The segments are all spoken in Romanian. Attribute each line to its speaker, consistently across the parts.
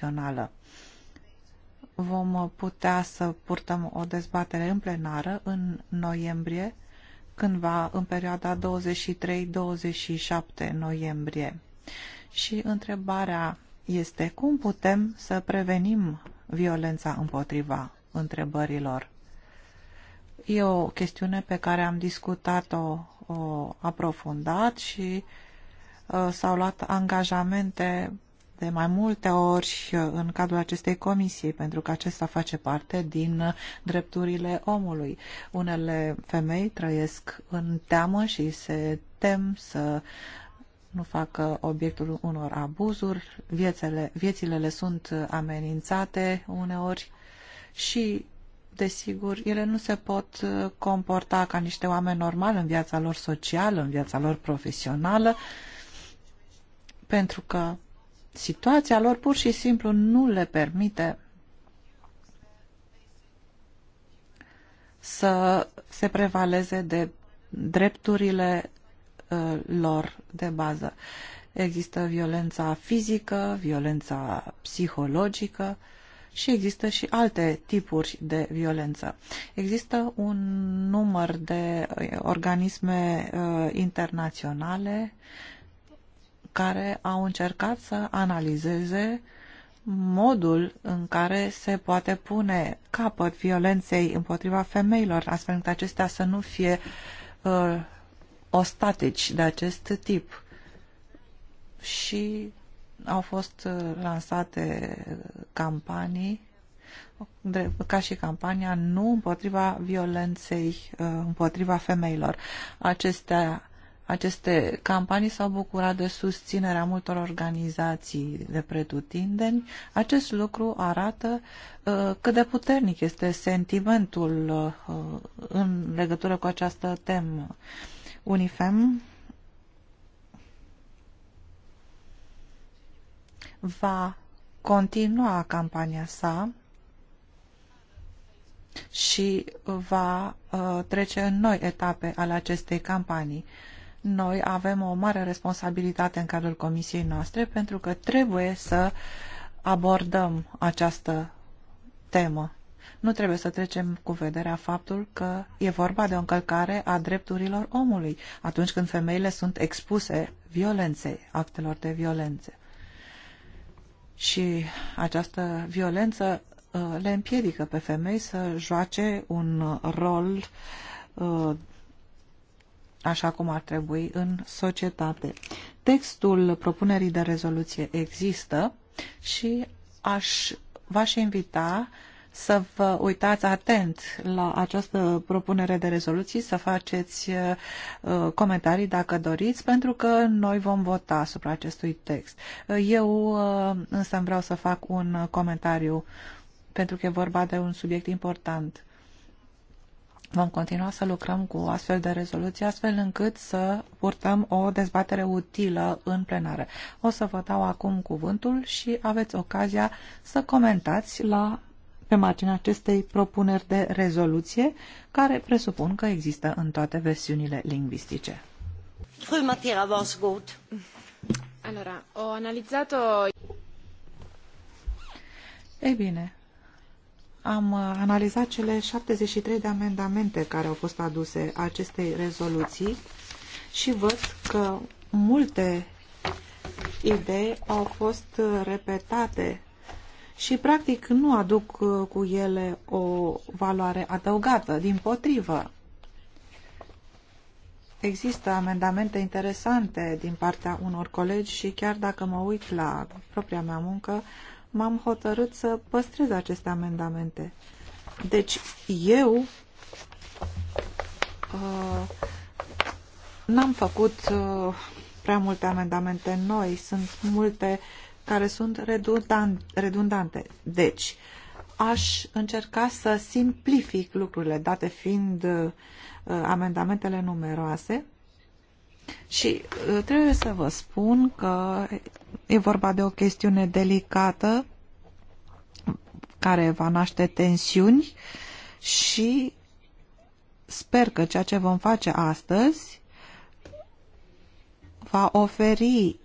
Speaker 1: națională. Vom putea să purtăm o dezbatere în plenară în noiembrie, cândva în perioada 23-27 noiembrie. Și întrebarea este cum putem să prevenim violența împotriva întrebărilor. E o chestiune pe care am discutat-o aprofundat și uh, s-au luat angajamente de mai multe ori uh, în cadrul acestei comisii, pentru că acesta face parte din uh, drepturile omului. Unele femei trăiesc în teamă și se tem să nu facă obiectul unor abuzuri, viețele, viețile le sunt uh, amenințate uneori și, desigur, ele nu se pot comporta ca niște oameni normali în viața lor socială, în viața lor profesională, pentru că situația lor pur și simplu nu le permite să se prevaleze de drepturile uh, lor de bază. Există violența fizică, violența psihologică și există și alte tipuri de violență. Există un număr de organisme uh, internaționale care au încercat să analizeze modul în care se poate pune capăt violenței împotriva femeilor, astfel încât acestea să nu fie uh, ostatici de acest tip. Și au fost uh, lansate campanii ca și campania nu împotriva violenței uh, împotriva femeilor. Acestea aceste campanii s-au bucurat de susținerea multor organizații de pretutindeni. Acest lucru arată uh, cât de puternic este sentimentul uh, în legătură cu această temă. Unifem va continua campania sa și va uh, trece în noi etape ale acestei campanii. Noi avem o mare responsabilitate în cadrul comisiei noastre pentru că trebuie să abordăm această temă. Nu trebuie să trecem cu vederea faptul că e vorba de o încălcare a drepturilor omului atunci când femeile sunt expuse violenței, actelor de violențe. Și această violență uh, le împiedică pe femei să joace un rol uh, așa cum ar trebui în societate. Textul propunerii de rezoluție există și aș, v-aș invita să vă uitați atent la această propunere de rezoluții, să faceți uh, comentarii dacă doriți, pentru că noi vom vota asupra acestui text. Uh, eu uh, însă vreau să fac un comentariu pentru că e vorba de un subiect important. Vom continua să lucrăm cu astfel de rezoluții, astfel încât să purtăm o dezbatere utilă în plenară. O să vă dau acum cuvântul și aveți ocazia să comentați la, pe marginea acestei propuneri de rezoluție, care presupun că există în toate versiunile lingvistice.
Speaker 2: Fru Matera, vă Allora,
Speaker 1: Ei bine, am uh, analizat cele 73 de amendamente care au fost aduse acestei rezoluții și văd că multe idei au fost uh, repetate și practic nu aduc uh, cu ele o valoare adăugată, din potrivă. Există amendamente interesante din partea unor colegi și chiar dacă mă uit la propria mea muncă, m-am hotărât să păstrez aceste amendamente. Deci eu uh, n-am făcut uh, prea multe amendamente noi, sunt multe care sunt redundante. Deci, aș încerca să simplific lucrurile, date fiind uh, amendamentele numeroase, și uh, trebuie să vă spun că e vorba de o chestiune delicată care va naște tensiuni și sper că ceea ce vom face astăzi va oferi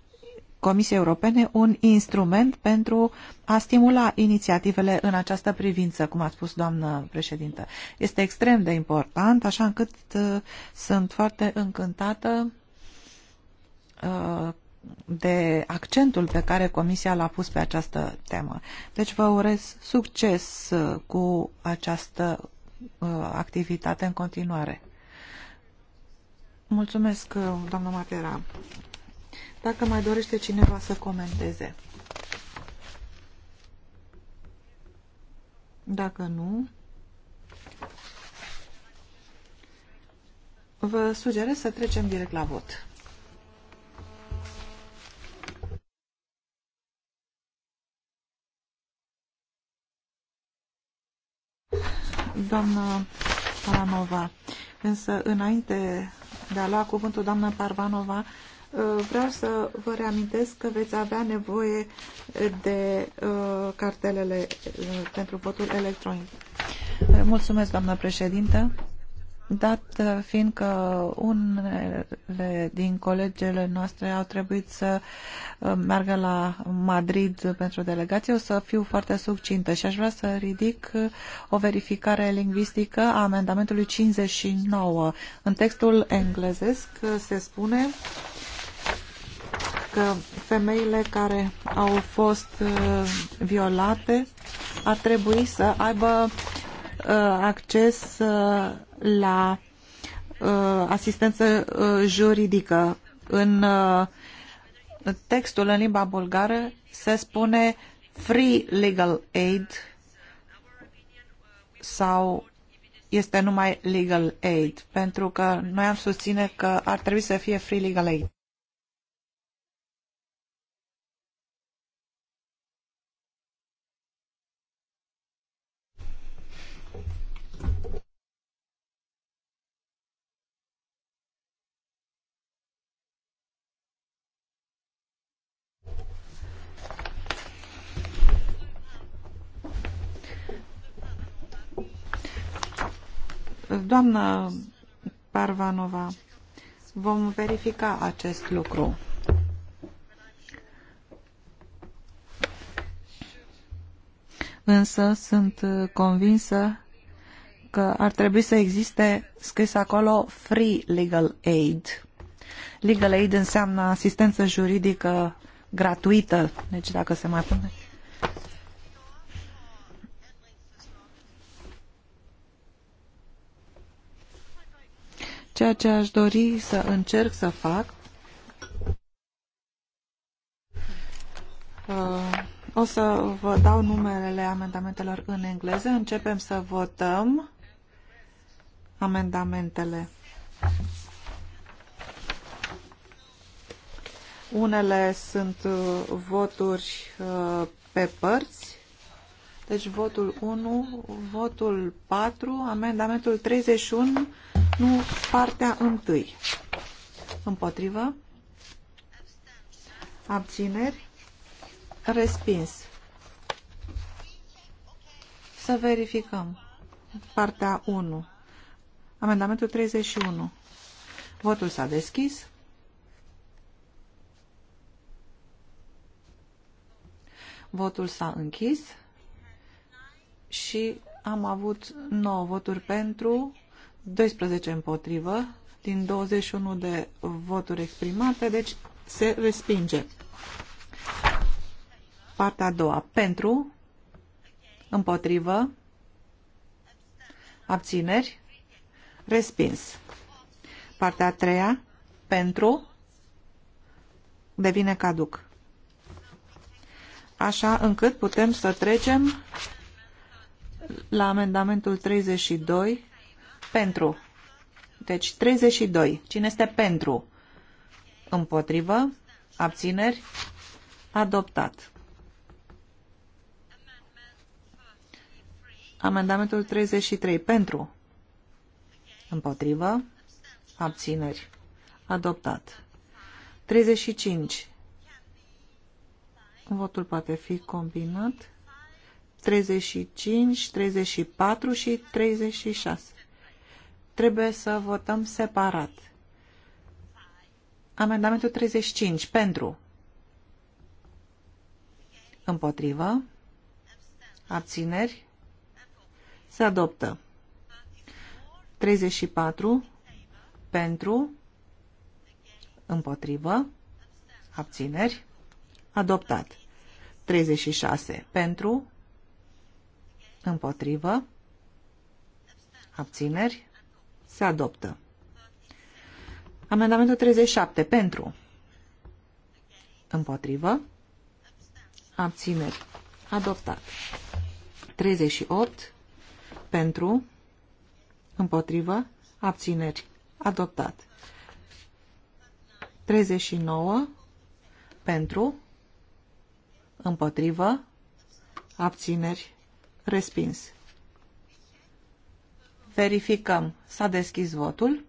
Speaker 1: Comisiei Europene un instrument pentru a stimula inițiativele în această privință, cum a spus doamnă președintă. Este extrem de important, așa încât uh, sunt foarte încântată Uh, de accentul pe care Comisia l-a pus pe această temă. Deci vă urez succes uh, cu această uh, activitate în continuare. Mulțumesc, doamna Matera. Dacă mai dorește cineva să comenteze. Dacă nu, vă sugerez să trecem direct la vot. doamnă Paranova. Însă, înainte de a lua cuvântul, doamnă Parvanova, uh, vreau să vă reamintesc că veți avea nevoie de uh, cartelele uh, pentru votul electronic. Mulțumesc, doamnă președintă dat fiind că unele din colegele noastre au trebuit să uh, meargă la Madrid pentru delegație, o să fiu foarte succintă și aș vrea să ridic uh, o verificare lingvistică a amendamentului 59. În textul englezesc uh, se spune că femeile care au fost violate ar trebui să aibă acces la uh, asistență uh, juridică. În uh, textul în limba bulgară se spune free legal aid sau este numai legal aid, pentru că noi am susține că ar trebui să fie free legal aid. Doamnă Parvanova, vom verifica acest lucru. Însă sunt convinsă că ar trebui să existe scris acolo free legal aid. Legal aid înseamnă asistență juridică gratuită, deci dacă se mai pune Ceea ce aș dori să încerc să fac uh, o să vă dau numerele amendamentelor în engleză. Începem să votăm amendamentele. Unele sunt uh, voturi uh, pe părți. Deci votul 1, votul 4, amendamentul 31 nu partea întâi. Împotrivă. Abțineri. Respins. Să verificăm. Partea 1. Amendamentul 31. Votul s-a deschis. Votul s-a închis și am avut 9 voturi pentru, 12 împotrivă din 21 de voturi exprimate, deci se respinge. Partea a doua. Pentru, împotrivă, abțineri, respins. Partea a treia. Pentru, devine caduc. Așa încât putem să trecem la amendamentul 32 pentru. Deci 32. Cine este pentru? Împotrivă. Abțineri. Adoptat. Amendamentul 33. Pentru. Împotrivă. Abțineri. Adoptat. 35. Votul poate fi combinat. 35, 34 și 36 trebuie să votăm separat. Amendamentul 35. Pentru. Împotrivă. Abțineri. Se adoptă. 34. Pentru. Împotrivă. Abțineri. Adoptat. 36. Pentru. Împotrivă. Abțineri. Se adoptă. Amendamentul 37. Pentru. Împotrivă. Abțineri. Adoptat. 38. Pentru. Împotrivă. Abțineri. Adoptat. 39. Pentru. Împotrivă. Abțineri. Respins. Verificăm. S-a deschis votul.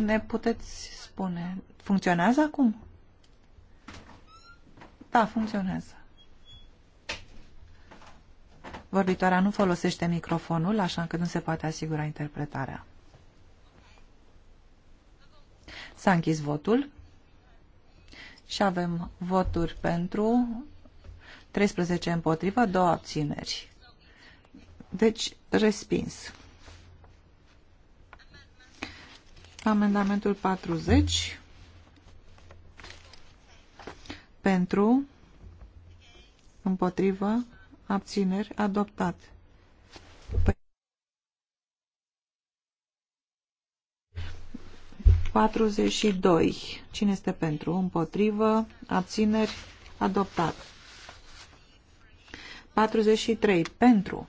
Speaker 1: Ne puteți spune, funcționează acum? Da, funcționează. Vorbitoarea nu folosește microfonul, așa că nu se poate asigura interpretarea. S-a închis votul și avem voturi pentru, 13 împotrivă, 2 abțineri. Deci, respins. Amendamentul 40 pentru, împotrivă, abțineri, adoptat. Pe 42. Cine este pentru? Împotrivă, abțineri, adoptat. 43. Pentru,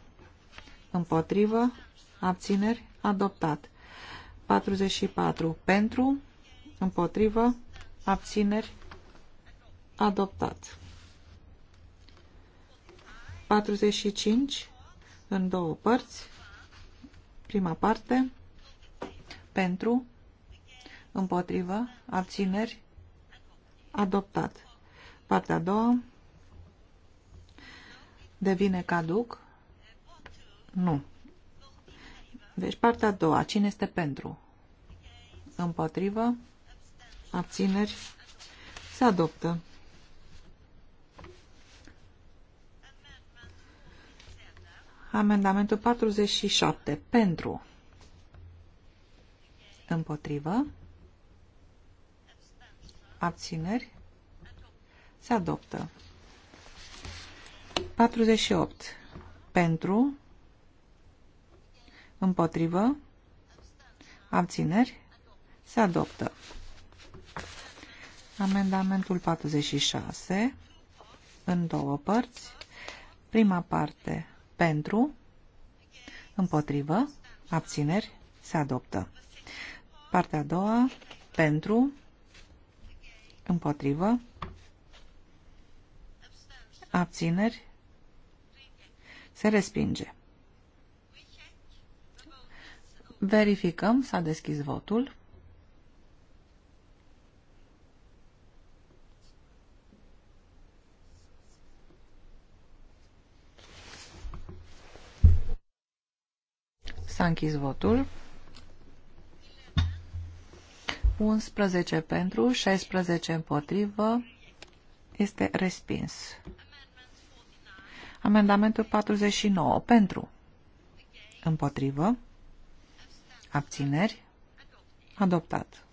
Speaker 1: împotrivă, abțineri, adoptat. 44. Pentru, împotrivă, abțineri, adoptat. 45 în două părți. Prima parte pentru, împotrivă, abțineri, adoptat. Partea a doua devine caduc? Nu. Deci partea a doua, cine este pentru? Împotrivă, abțineri, se adoptă. Amendamentul 47. Pentru. Împotrivă. Abțineri. Se adoptă. 48. Pentru. Împotrivă. Abțineri. Se adoptă. Amendamentul 46. În două părți. Prima parte pentru, împotrivă, abțineri, se adoptă. Partea a doua, pentru, împotrivă, abțineri, se respinge. Verificăm, s-a deschis votul. S-a închis votul. 11 pentru, 16 împotrivă. Este respins. Amendamentul 49 pentru. Împotrivă. Abțineri. Adoptat.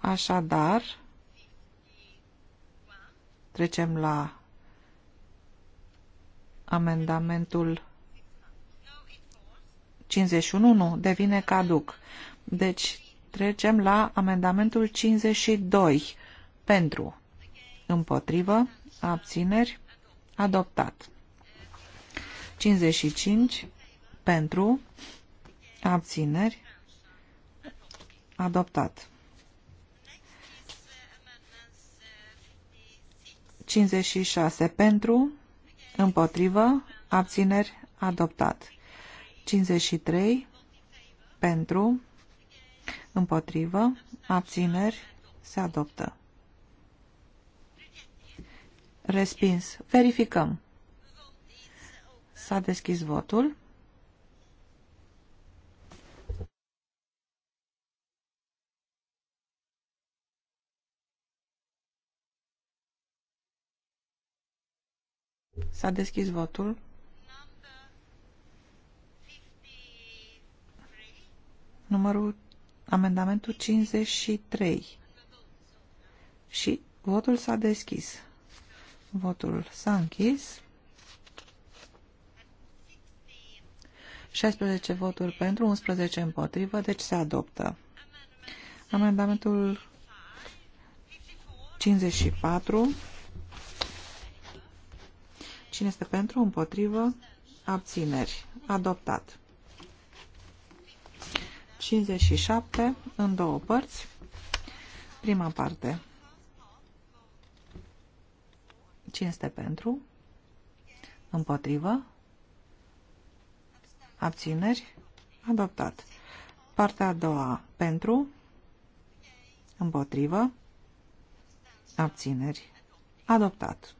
Speaker 1: Așadar, trecem la amendamentul 51 devine caduc. Deci trecem la amendamentul 52 pentru, împotrivă, abțineri, adoptat. 55 pentru, abțineri, adoptat. 56 pentru, împotrivă, abțineri, adoptat. 53 pentru, împotrivă, abțineri, se adoptă. Respins. Verificăm. S-a deschis votul. S-a deschis votul. numărul amendamentul 53 și votul s-a deschis. Votul s-a închis. 16 voturi pentru, 11 împotrivă, deci se adoptă. Amendamentul 54. Cine este pentru, împotrivă, abțineri. Adoptat. 57 în două părți. Prima parte. Cine este pentru? Împotrivă? Abțineri? Adoptat. Partea a doua. Pentru? Împotrivă? Abțineri? Adoptat.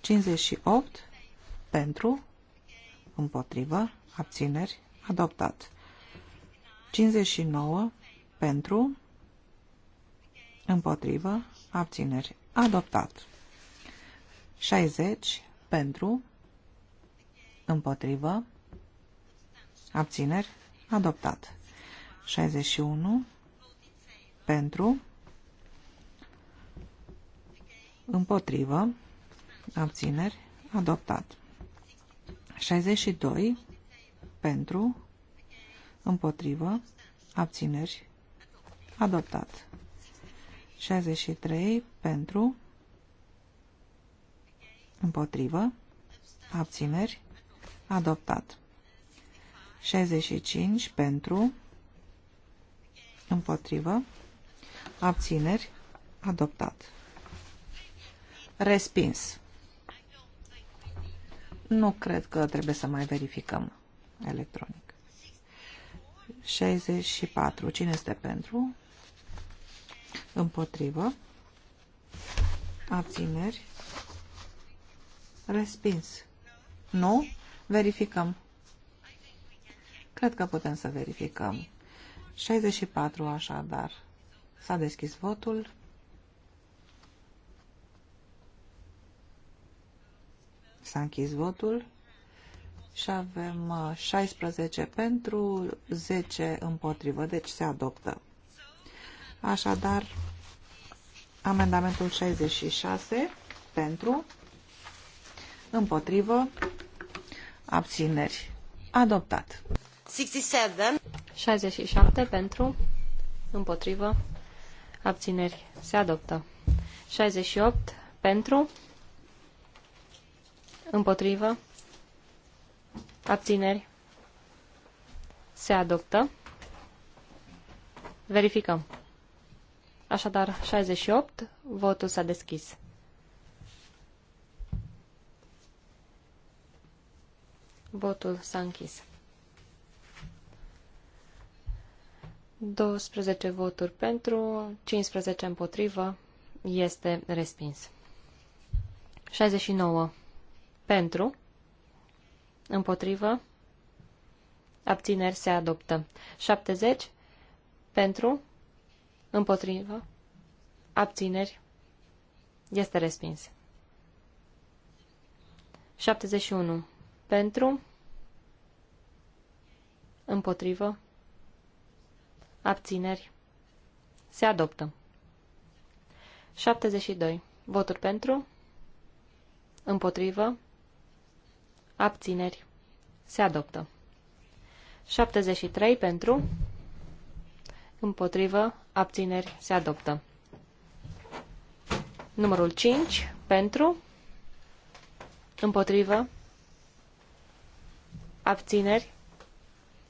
Speaker 1: 58. Pentru? Împotrivă? Abțineri? Adoptat. 59 pentru, împotrivă, abțineri, adoptat. 60 pentru, împotrivă, abțineri, adoptat. 61 pentru, împotrivă, abțineri, adoptat. 62 pentru, Împotrivă. Abțineri. Adoptat. 63 pentru. Împotrivă. Abțineri. Adoptat. 65 pentru. Împotrivă. Abțineri. Adoptat. Respins. Nu cred că trebuie să mai verificăm electronic. 64. Cine este pentru? Împotrivă. Abțineri. Respins. Nu? Verificăm. Cred că putem să verificăm. 64 așadar. S-a deschis votul. S-a închis votul și avem 16 uh, pentru, 10 împotrivă, deci se adoptă. Așadar, amendamentul 66 pentru, împotrivă, abțineri. Adoptat.
Speaker 2: 67. 67 pentru, împotrivă, abțineri. Se adoptă. 68 pentru, împotrivă, Abțineri. Se adoptă. Verificăm. Așadar, 68. Votul s-a deschis. Votul s-a închis. 12 voturi pentru, 15 împotrivă, este respins. 69 pentru, Împotrivă. Abțineri se adoptă. 70. Pentru. Împotrivă. Abțineri. Este respins. 71. Pentru. Împotrivă. Abțineri. Se adoptă. 72. Voturi pentru. Împotrivă. Abțineri. Se adoptă. 73 pentru. Împotrivă. Abțineri. Se adoptă. Numărul 5 pentru. Împotrivă. Abțineri.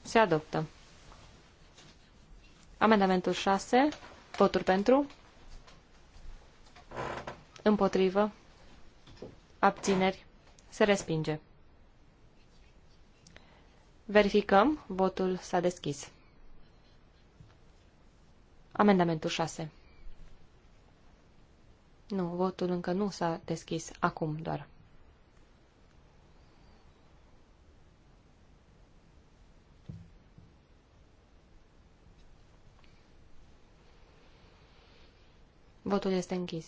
Speaker 2: Se adoptă. Amendamentul 6. Voturi pentru. Împotrivă. Abțineri. Se respinge. Verificăm. Votul s-a deschis. Amendamentul 6. Nu, votul încă nu s-a deschis. Acum doar. Votul este închis.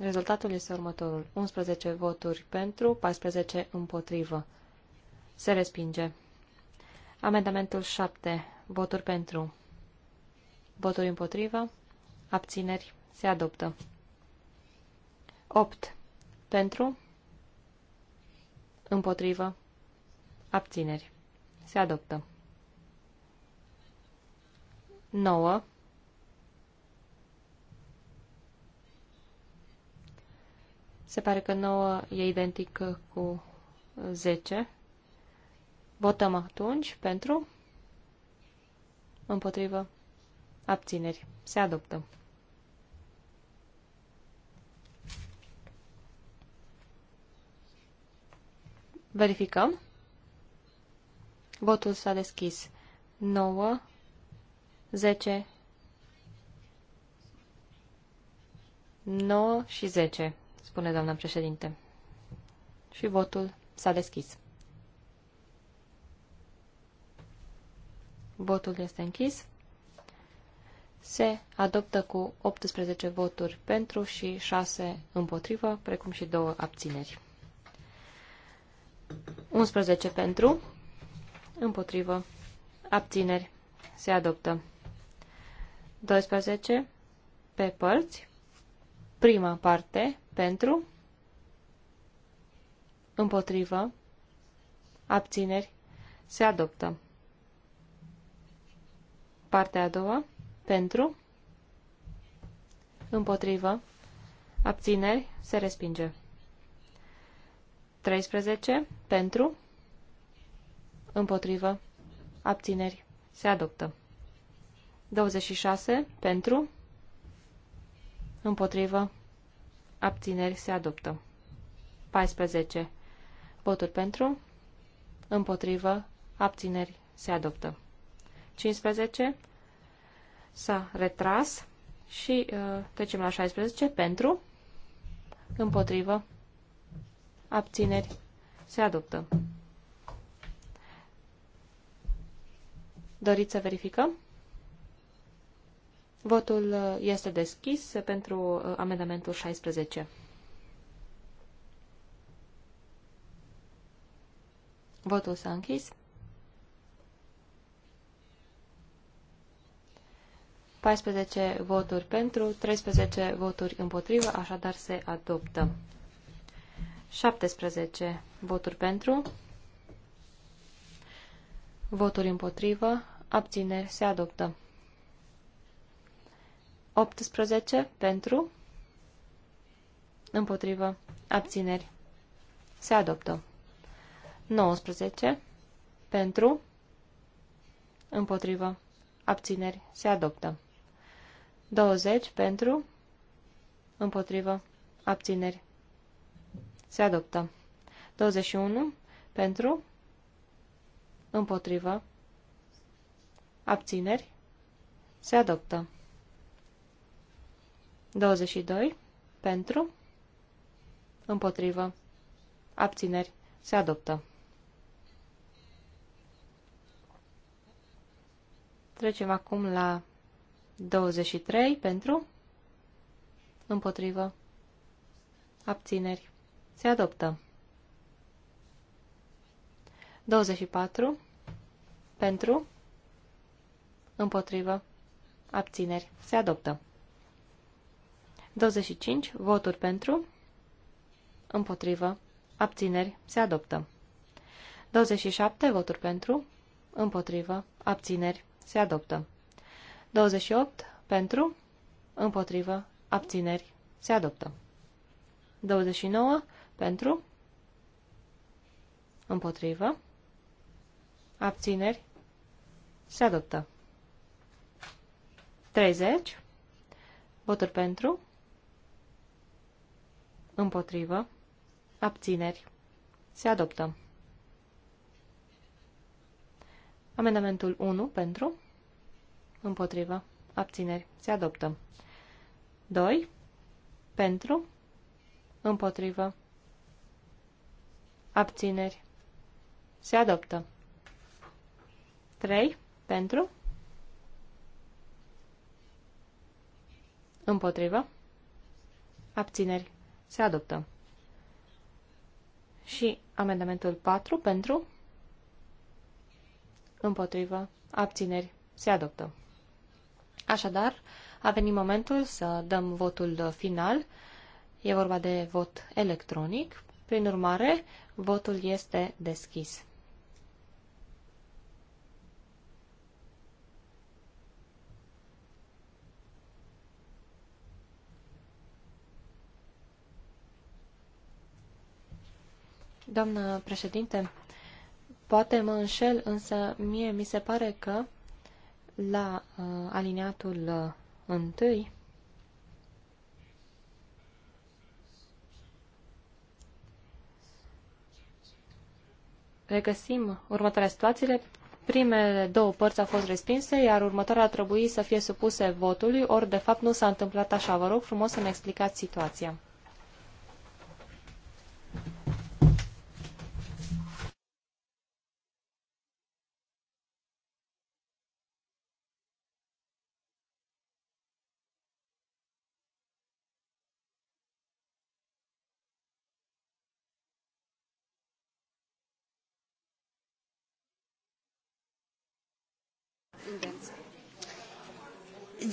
Speaker 2: Rezultatul este următorul. 11 voturi pentru, 14 împotrivă. Se respinge. Amendamentul 7. Voturi pentru. Voturi împotrivă. Abțineri. Se adoptă. 8. Pentru. Împotrivă. Abțineri. Se adoptă. 9. Se pare că 9 e identic cu 10. Votăm atunci pentru, împotrivă, abțineri. Se adoptă. Verificăm. Votul s-a deschis. 9, 10, 9 și 10 spune doamna președinte. Și votul s-a deschis. Votul este închis. Se adoptă cu 18 voturi pentru și 6 împotrivă, precum și 2 abțineri. 11 pentru, împotrivă, abțineri, se adoptă. 12 pe părți, Prima parte, pentru, împotrivă, abțineri, se adoptă. Partea a doua, pentru, împotrivă, abțineri, se respinge. 13. Pentru, împotrivă, abțineri, se adoptă. 26. Pentru, Împotrivă. Abțineri se adoptă. 14. Voturi pentru. Împotrivă. Abțineri se adoptă. 15. S-a retras și uh, trecem la 16. Pentru. Împotrivă. Abțineri se adoptă. Doriți să verificăm? Votul uh, este deschis pentru uh, amendamentul 16. Votul s-a închis. paisprezece voturi pentru, 13 voturi împotrivă, așadar se adoptă. 17 voturi pentru, voturi împotrivă, abțineri, se adoptă. 18 pentru, împotrivă, abțineri, se adoptă. 19 pentru, împotrivă, abțineri, se adoptă. 20 pentru, împotrivă, abțineri, se adoptă. 21 pentru, împotrivă, abțineri, se adoptă. 22. Pentru. Împotrivă. Abțineri. Se adoptă. Trecem acum la 23. Pentru. Împotrivă. Abțineri. Se adoptă. 24. Pentru. Împotrivă. Abțineri. Se adoptă. 25. Voturi pentru. Împotrivă. Abțineri. Se adoptă. 27. Voturi pentru. Împotrivă. Abțineri. Se adoptă. 28. Pentru. Împotrivă. Abțineri. Se adoptă. 29. Pentru. Împotrivă. Abțineri. Se adoptă. 30. Voturi pentru. Împotrivă. Abțineri. Se adoptă. Amendamentul 1 pentru. Împotrivă. Abțineri. Se adoptă. 2. Pentru. Împotrivă. Abțineri. Se adoptă. 3. Pentru. Împotrivă. Abțineri. Se adoptă. Și amendamentul 4 pentru? Împotrivă. Abțineri. Se adoptă. Așadar, a venit momentul să dăm votul final. E vorba de vot electronic. Prin urmare, votul este deschis. Doamnă președinte, poate mă înșel, însă mie mi se pare că la uh, aliniatul uh, întâi regăsim următoarea situație. Primele două părți au fost respinse, iar următoarea ar trebui să fie supuse votului, ori de fapt nu s-a întâmplat așa. Vă rog frumos să ne explicați situația.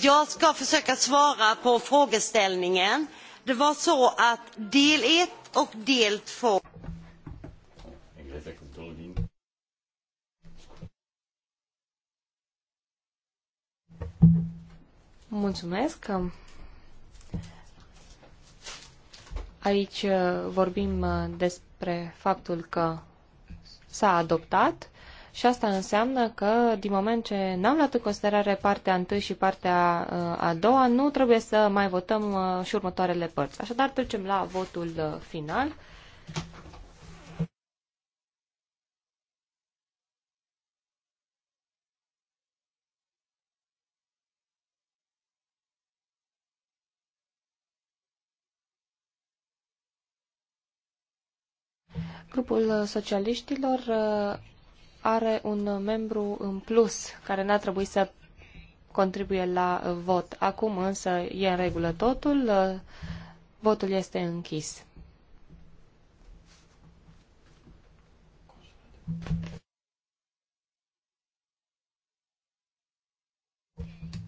Speaker 2: Jag ska försöka svara på frågeställningen. Det var så att del 1 och del 2 Mulțumesc. Aici uh, vorbim uh, despre faptul că s-a adoptat și asta înseamnă că, din moment ce n-am luat în considerare partea întâi și partea uh, a doua, nu trebuie să mai votăm uh, și următoarele părți. Așadar, trecem la votul uh, final. Grupul socialiștilor are un membru în plus care n-a trebuit să contribuie la vot. Acum însă e în regulă totul. Votul este închis.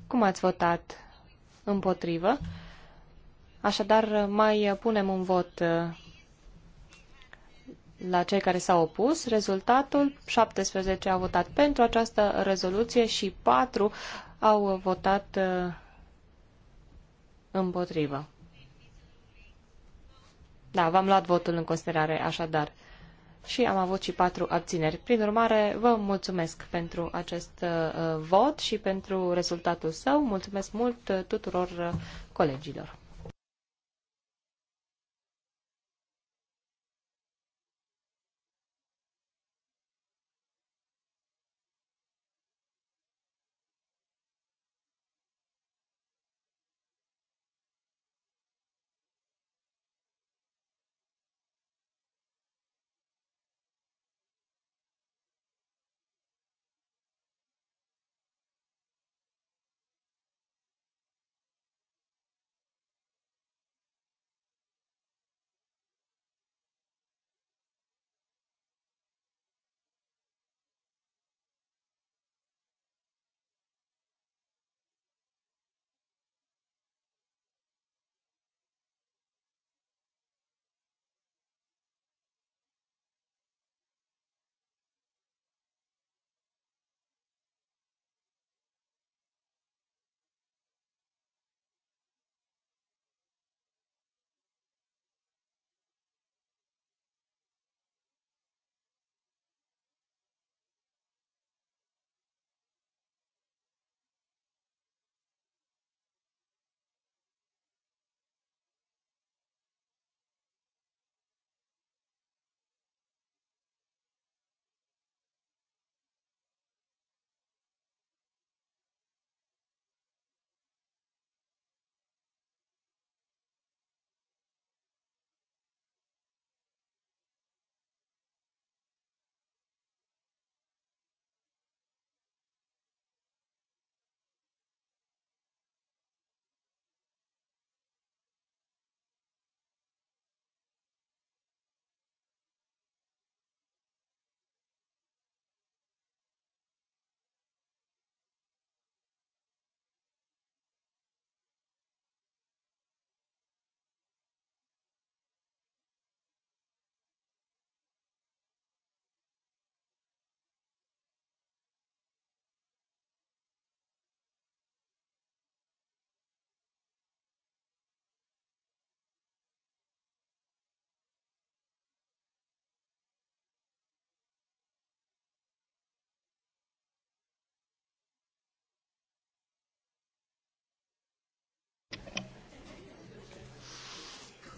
Speaker 2: Cum ați votat? Împotrivă. Așadar, mai punem un vot la cei care s-au opus. Rezultatul, 17 au votat pentru această rezoluție și 4 au votat uh, împotrivă. Da, v-am luat votul în considerare așadar și am avut și patru abțineri. Prin urmare, vă mulțumesc pentru acest uh, vot și pentru rezultatul său. Mulțumesc mult uh, tuturor uh, colegilor.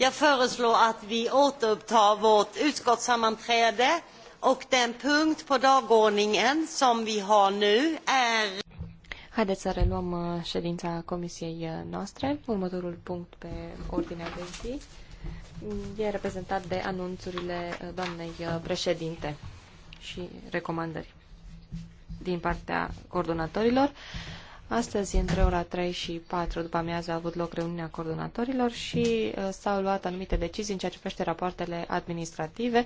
Speaker 2: Jag föreslår att vi återupptar vårt utskottssammanträde och den punkt på dagordningen som vi har nu är... Haideți să reluăm uh, ședința comisiei uh, noastre. Următorul punct pe ordinea de zi e reprezentat de anunțurile uh, doamnei președinte și recomandări din partea coordonatorilor. Astăzi, între ora 3 și 4 după amiază, a avut loc reuniunea coordonatorilor și uh, s-au luat anumite decizii în ceea ce privește rapoartele administrative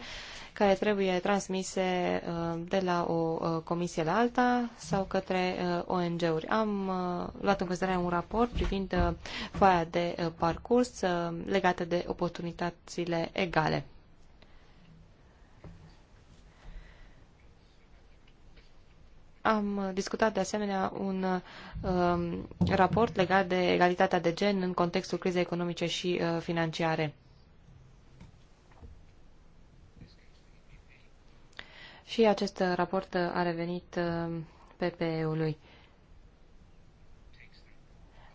Speaker 2: care trebuie transmise uh, de la o uh, comisie la alta sau către ONG-uri. Am luat în considerare un raport privind foaia de parcurs legată de oportunitățile egale. Am discutat de asemenea un um, raport legat de egalitatea de gen în contextul crizei economice și uh, financiare. Și acest raport a revenit uh, PPE-ului.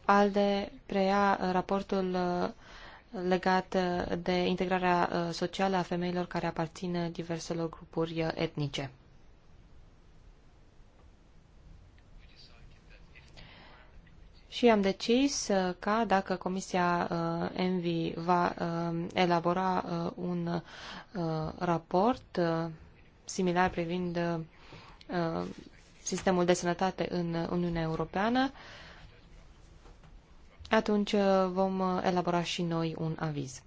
Speaker 2: ALDE preia raportul uh, legat uh, de integrarea socială a femeilor care aparțin diverselor grupuri etnice. și am decis uh, ca dacă Comisia uh, Envi va uh, elabora un raport similar privind sistemul de sănătate în Uniunea Europeană, atunci vom elabora și noi un aviz.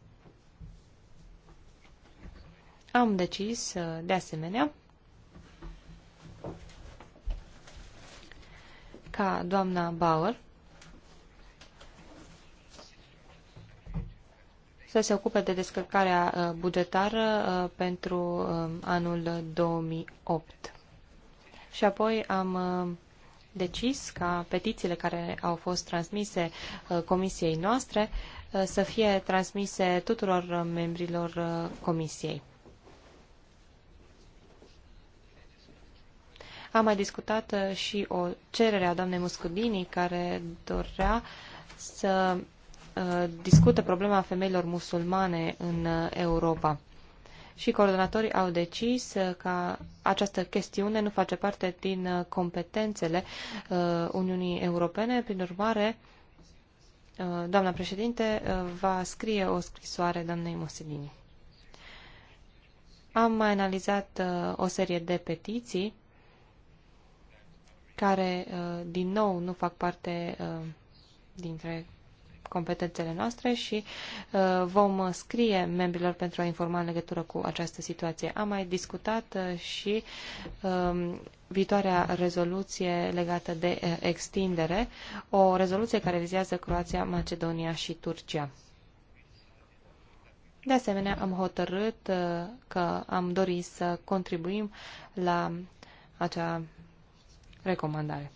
Speaker 2: Am decis, de asemenea, ca doamna Bauer să se ocupe de descărcarea uh, bugetară uh, pentru um, anul 2008. Și apoi am uh, decis ca petițiile care au fost transmise comisiei noastre să fie transmise tuturor membrilor comisiei. Am mai discutat și o cerere a doamnei Muscudini care dorea să Uh, discută problema femeilor musulmane în uh, Europa. Și coordonatorii au decis uh, că această chestiune nu face parte din competențele Uniunii Europene. Prin urmare, doamna președinte va scrie o scrisoare doamnei Mosedini. Am mai analizat o serie de petiții care, din nou, nu fac parte dintre competențele noastre și uh, vom scrie membrilor pentru a informa în legătură cu această situație. Am mai discutat uh, și um, viitoarea rezoluție legată de uh, extindere, o rezoluție care vizează Croația, Macedonia și Turcia. De asemenea, am hotărât că am dorit să contribuim la acea recomandare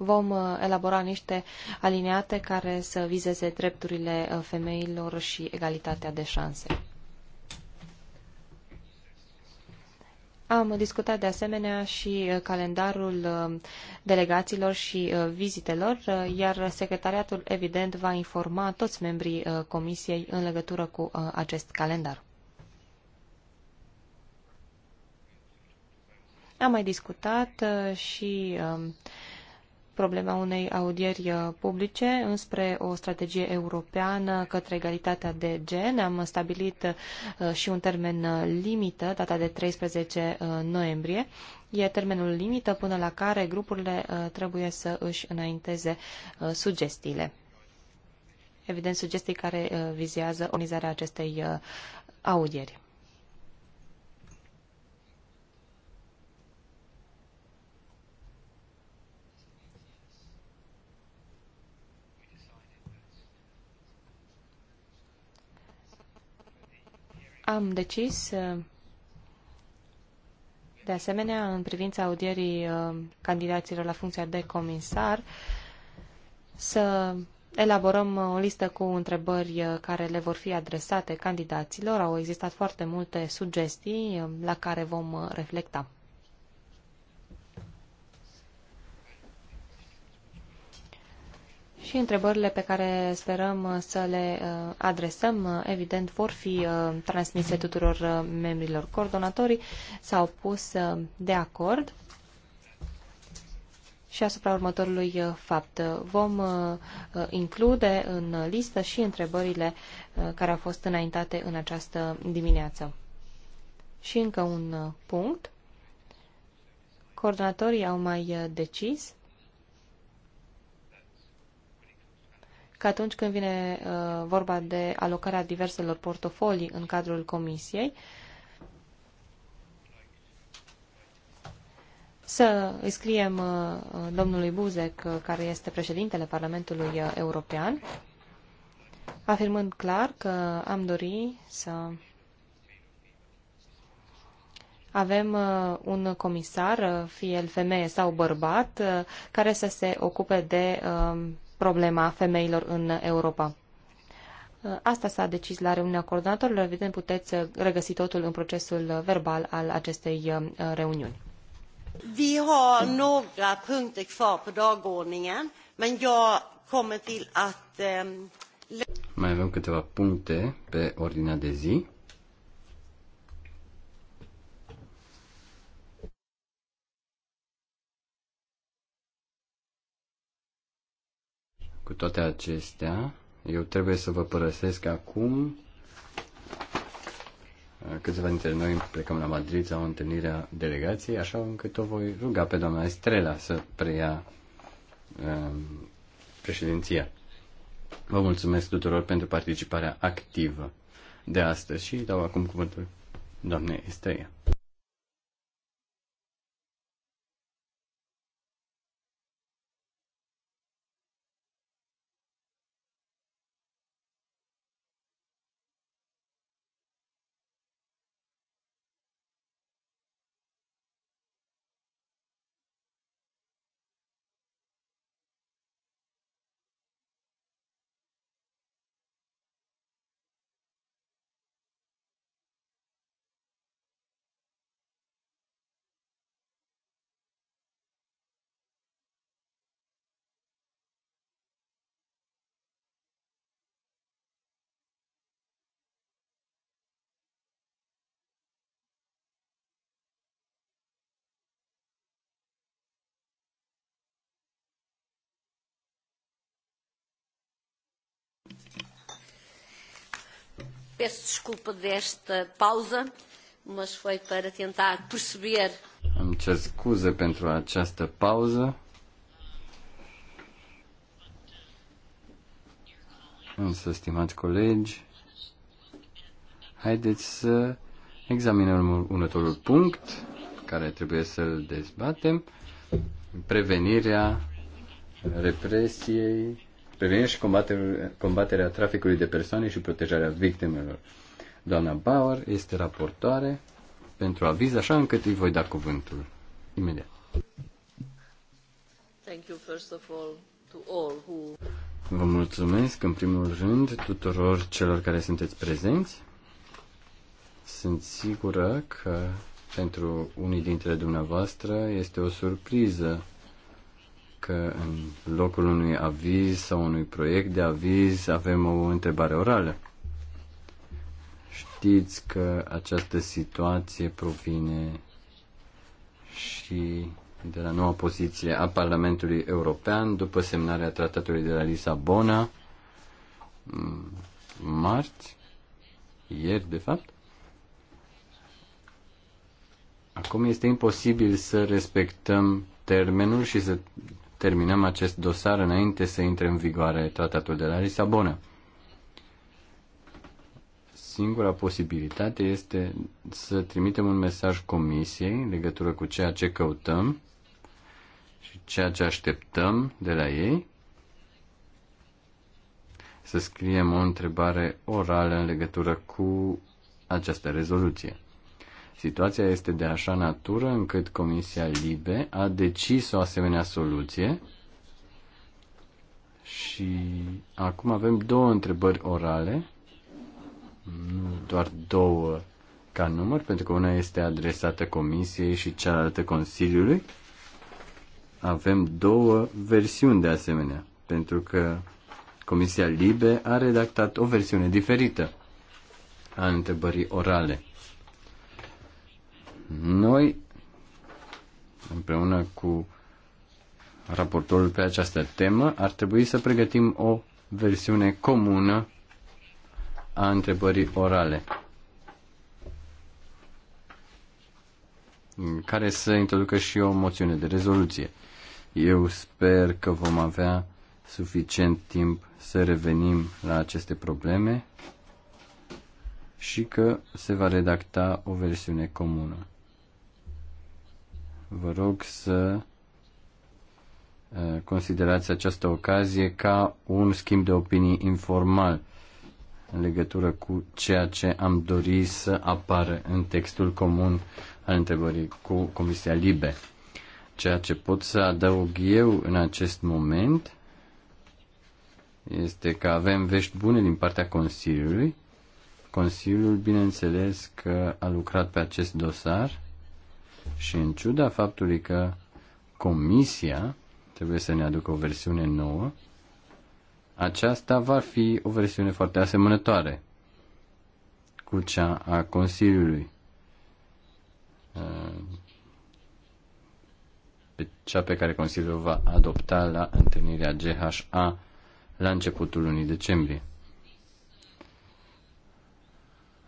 Speaker 2: vom uh, elabora niște aliniate care să vizeze drepturile uh, femeilor și egalitatea de șanse. Am discutat de asemenea și uh, calendarul delegațiilor și vizitelor, iar secretariatul evident va informa toți membrii comisiei în legătură cu acest calendar. Am mai discutat și um, problema unei audieri uh, publice înspre o strategie europeană către egalitatea de gen. Am stabilit uh, și un termen uh, limită, data de 13 noiembrie. E termenul limită până la care grupurile trebuie să își înainteze sugestiile. Evident, sugestii care vizează organizarea acestei audieri. Am decis, uh, de asemenea, în privința audierii uh, candidaților la funcția de comisar, să elaborăm uh, o listă cu întrebări care le vor fi adresate candidaților. Au existat foarte multe sugestii la care vom reflecta. Și întrebările pe care sperăm uh, să le uh, adresăm, uh, evident, vor fi transmise tuturor membrilor. Coordonatorii s-au pus de acord și asupra următorului fapt. Vom include în listă și întrebările care au fost înaintate în această dimineață. Și încă un punct. Coordonatorii au mai decis că atunci când vine uh, vorba de alocarea diverselor portofolii în cadrul comisiei, să îi scriem uh, domnului Buzek, uh, care este președintele Parlamentului uh, European, afirmând clar că am dori să avem uh, un comisar, uh, fie el femeie sau bărbat, uh, care să se ocupe de problema femeilor în Europa. Asta s-a decis la reuniunea coordonatorilor. Evident, puteți regăsi totul în procesul verbal al acestei uh, reuniuni. Vi har några punkter kvar på dagordningen, men jag kommer till att... Eh,
Speaker 3: Mai avem câteva puncte pe ordinea de zi. toate acestea, eu trebuie să vă părăsesc acum. Câțiva dintre noi plecăm la Madrid la o întâlnire a delegației, așa încât o voi ruga pe doamna Estrela să preia um, președinția. Vă mulțumesc tuturor pentru participarea activă de astăzi și dau acum cuvântul doamnei Estrela.
Speaker 2: Peço desculpa desta pausa, mas foi para tentar perceber.
Speaker 3: Îmi cer scuze pentru această pauză. Însă, stimați colegi, haideți să examinăm următorul punct care trebuie să-l dezbatem, prevenirea represiei prevenirea și combaterea, combaterea traficului de persoane și protejarea victimelor. Doamna Bauer este raportoare pentru aviz, așa încât îi voi da cuvântul imediat.
Speaker 2: Thank you, first of all, to all who...
Speaker 3: Vă mulțumesc în primul rând tuturor celor care sunteți prezenți. Sunt sigură că pentru unii dintre dumneavoastră este o surpriză că în locul unui aviz sau unui proiect de aviz avem o întrebare orală. Știți că această situație provine și de la noua poziție a Parlamentului European după semnarea tratatului de la Lisabona mm, marți, ieri de fapt. Acum este imposibil să respectăm termenul și să terminăm acest dosar înainte să intre în vigoare tratatul de la Lisabona. Singura posibilitate este să trimitem un mesaj comisiei în legătură cu ceea ce căutăm și ceea ce așteptăm de la ei, să scriem o întrebare orală în legătură cu această rezoluție. Situația este de așa natură încât Comisia Libe a decis o asemenea soluție și acum avem două întrebări orale, nu doar două ca număr, pentru că una este adresată Comisiei și cealaltă Consiliului. Avem două versiuni de asemenea, pentru că Comisia Libe a redactat o versiune diferită a întrebării orale. Noi, împreună cu raportorul pe această temă, ar trebui să pregătim o versiune comună a întrebării orale, care să introducă și o moțiune de rezoluție. Eu sper că vom avea suficient timp să revenim la aceste probleme și că se va redacta o versiune comună. Vă rog să uh, considerați această ocazie ca un schimb de opinii informal în legătură cu ceea ce am dorit să apară în textul comun al întrebării cu Comisia Libe. Ceea ce pot să adaug eu în acest moment este că avem vești bune din partea Consiliului. Consiliul, bineînțeles, că a lucrat pe acest dosar și în ciuda faptului că comisia trebuie să ne aducă o versiune nouă, aceasta va fi o versiune foarte asemănătoare cu cea a Consiliului. Uh, pe cea pe care Consiliul va adopta la întâlnirea GHA la începutul lunii decembrie.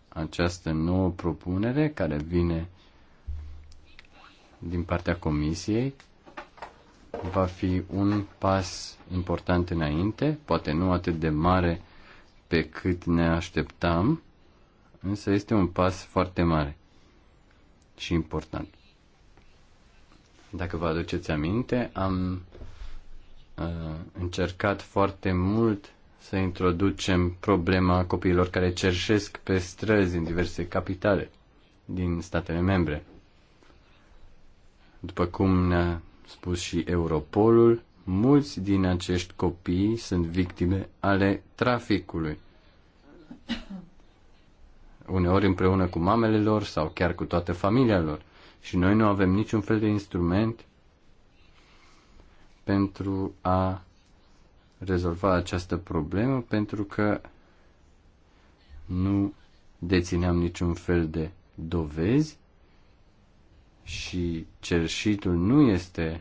Speaker 3: Această nouă propunere care vine din partea Comisiei va fi un pas important înainte, poate nu atât de mare pe cât ne așteptam, însă este un pas foarte mare și important. Dacă vă aduceți aminte, am uh, încercat foarte mult să introducem problema copiilor care cerșesc pe străzi în diverse capitale din statele membre. După cum ne-a spus și Europolul, mulți din acești copii sunt victime ale traficului. Uneori împreună cu mamele lor sau chiar cu toată familia lor. Și noi nu avem niciun fel de instrument pentru a rezolva această problemă, pentru că nu dețineam niciun fel de dovezi și cerșitul nu este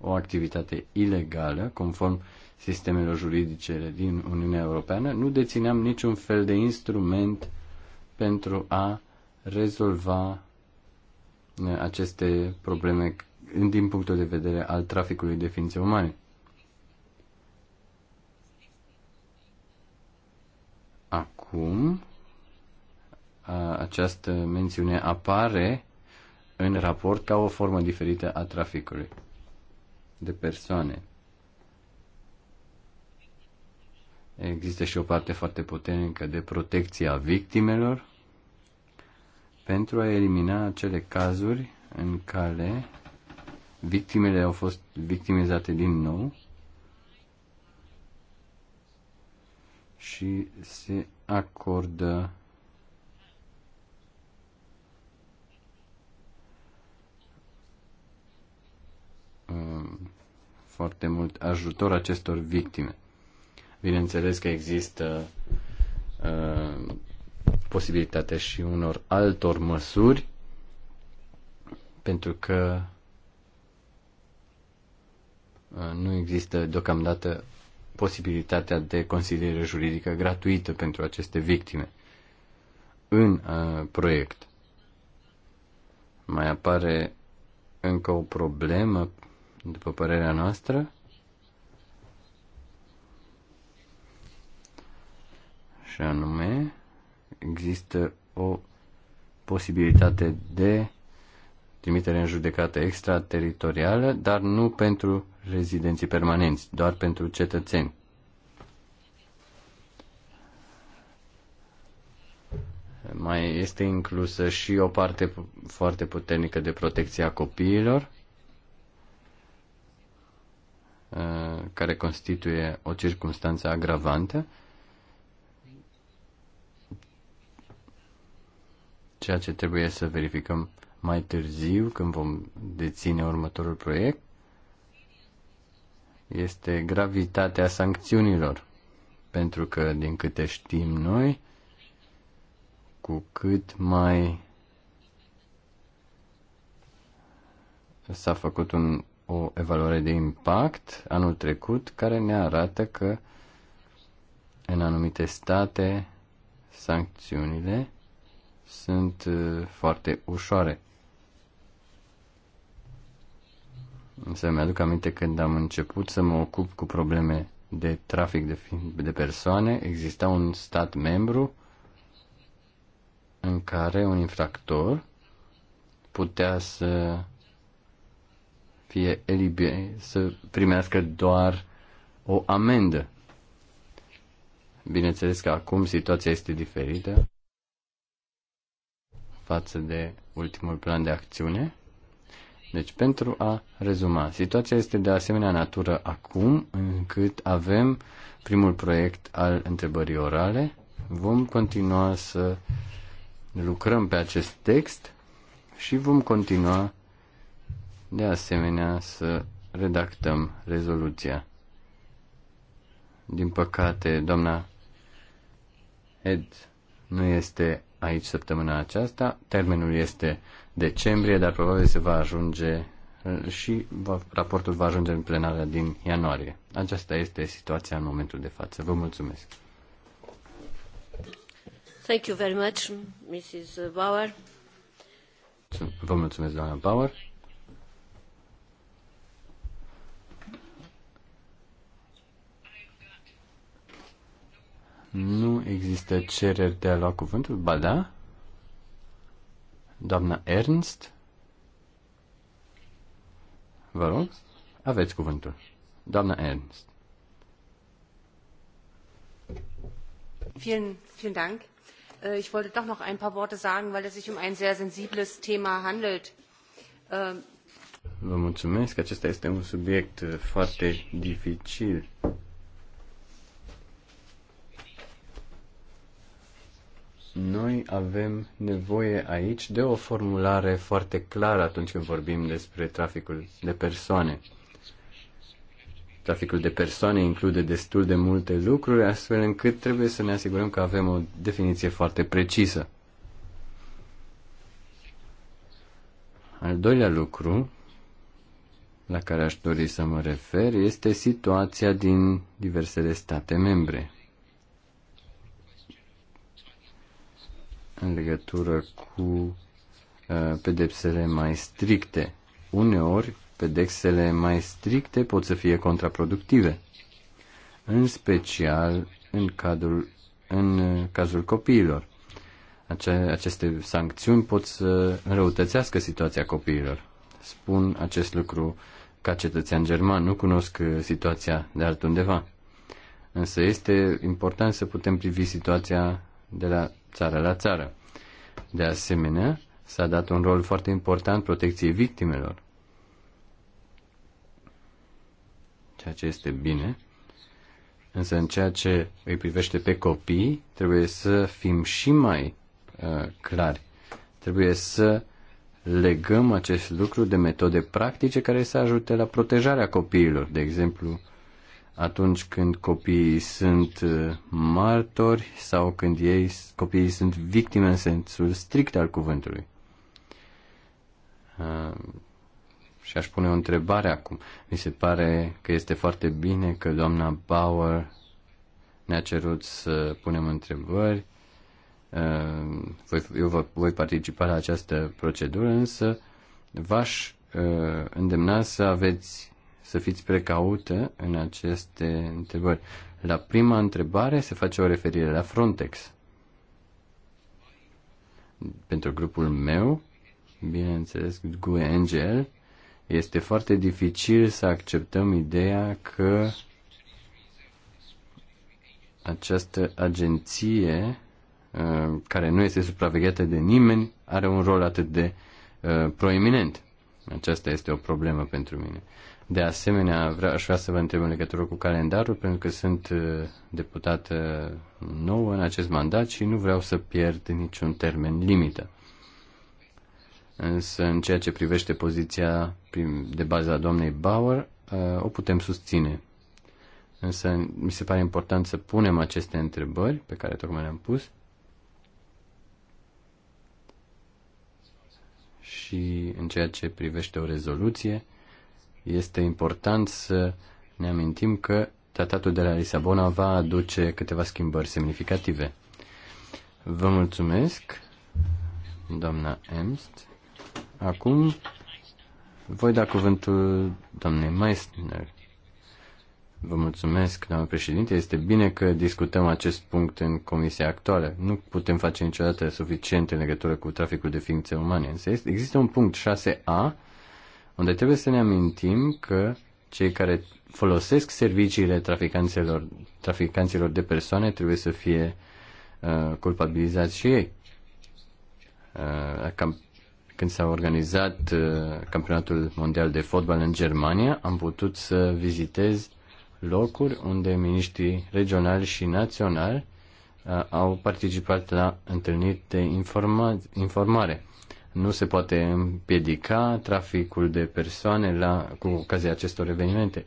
Speaker 3: o activitate ilegală, conform sistemelor juridice din Uniunea Europeană, nu dețineam niciun fel de instrument pentru a rezolva uh, aceste probleme din punctul de vedere al traficului de ființe umane. Acum, această mențiune apare în raport ca o formă diferită a traficului de persoane. Există și o parte foarte puternică de protecție a victimelor pentru a elimina acele cazuri în care victimele au fost victimizate din nou și se acordă Uh, foarte mult ajutor acestor victime. Bineînțeles că există uh, posibilitatea și unor altor măsuri, pentru că uh, nu există deocamdată posibilitatea de consiliere juridică gratuită pentru aceste victime în uh, proiect. Mai apare încă o problemă după părerea noastră. Și anume, există o posibilitate de trimitere în judecată extrateritorială, dar nu pentru rezidenții permanenți, doar pentru cetățeni. Mai este inclusă și o parte foarte puternică de protecție a copiilor, Uh, care constituie o circunstanță agravantă, ceea ce trebuie să verificăm mai târziu, când vom deține următorul proiect, este gravitatea sancțiunilor. Pentru că, din câte știm noi, cu cât mai s-a făcut un o evaluare de impact anul trecut care ne arată că în anumite state sancțiunile sunt uh, foarte ușoare. Însă mi-aduc aminte când am început să mă ocup cu probleme de trafic de, de persoane, exista un stat membru în care un infractor putea să fie elibie, să primească doar o amendă. Bineînțeles că acum situația este diferită față de ultimul plan de acțiune. Deci, pentru a rezuma, situația este de asemenea natură acum, încât avem primul proiect al întrebării orale. Vom continua să lucrăm pe acest text și vom continua de asemenea să redactăm rezoluția. Din păcate, doamna Ed nu este aici săptămâna aceasta. Termenul este decembrie, dar probabil se va ajunge și va, raportul va ajunge în plenară din ianuarie. Aceasta este situația în momentul de față. Vă mulțumesc. Thank you very much, Mrs. Bauer. Vă mulțumesc, doamna Bauer. Nu există cereri de a lua cuvântul? Ba da. Doamna Ernst? Vă rog, aveți cuvântul. Doamna Ernst.
Speaker 2: Vielen, vielen Dank. Äh, ich wollte doch noch ein paar Worte sagen, weil es sich um ein sehr sensibles Thema handelt. Ähm,
Speaker 3: Vă mulțumesc. Acesta este un subiect äh, foarte dificil. Noi avem nevoie aici de o formulare foarte clară atunci când vorbim despre traficul de persoane. Traficul de persoane include destul de multe lucruri, astfel încât trebuie să ne asigurăm că avem o definiție foarte precisă. Al doilea lucru la care aș dori să mă refer este situația din diversele state membre. în legătură cu uh, pedepsele mai stricte. Uneori, pedepsele mai stricte pot să fie contraproductive, în special în, cadrul, în uh, cazul copiilor. Ace, aceste sancțiuni pot să înrăutățească situația copiilor. Spun acest lucru ca cetățean german, nu cunosc uh, situația de altundeva. Însă este important să putem privi situația de la țară la țară. De asemenea, s-a dat un rol foarte important protecției victimelor. Ceea ce este bine. Însă în ceea ce îi privește pe copii, trebuie să fim și mai uh, clari. Trebuie să legăm acest lucru de metode practice care să ajute la protejarea copiilor, de exemplu, atunci când copiii sunt uh, martori sau când ei, copiii sunt victime în sensul strict al cuvântului. Uh, și aș pune o întrebare acum. Mi se pare că este foarte bine că doamna Bauer ne-a cerut să punem întrebări. Uh, eu voi participa la această procedură, însă v-aș îndemna să aveți să fiți precaute în aceste întrebări. La prima întrebare se face o referire la Frontex. Pentru grupul meu, bineînțeles, GUE NGL, este foarte dificil să acceptăm ideea că această agenție, uh, care nu este supravegheată de nimeni, are un rol atât de uh, proeminent. Aceasta este o problemă pentru mine. De asemenea, vreau, aș vrea să vă întreb în legătură cu calendarul, pentru că sunt uh, deputat nou în acest mandat și nu vreau să pierd niciun termen limită. Însă, în ceea ce privește poziția de bază a doamnei Bauer, uh, o putem susține. Însă, mi se pare important să punem aceste întrebări pe care tocmai le-am pus și în ceea ce privește o rezoluție, este important să ne amintim că tratatul de la Lisabona va aduce câteva schimbări semnificative. Vă mulțumesc, doamna Emst. Acum voi da cuvântul doamnei Meissner. Vă mulțumesc, doamnă președinte. Este bine că discutăm acest punct în comisia actuală. Nu putem face niciodată suficient în legătură cu traficul de ființe umane. Însă există un punct 6a unde trebuie să ne amintim că cei care folosesc serviciile traficanților, traficanților de persoane trebuie să fie uh, culpabilizați și ei. Uh, cam, când s-a organizat uh, campionatul mondial de fotbal în Germania, am putut să vizitez locuri unde miniștrii regionali și naționali uh, au participat la întâlniri de informa- informare. Nu se poate împiedica traficul de persoane la, cu ocazia acestor evenimente.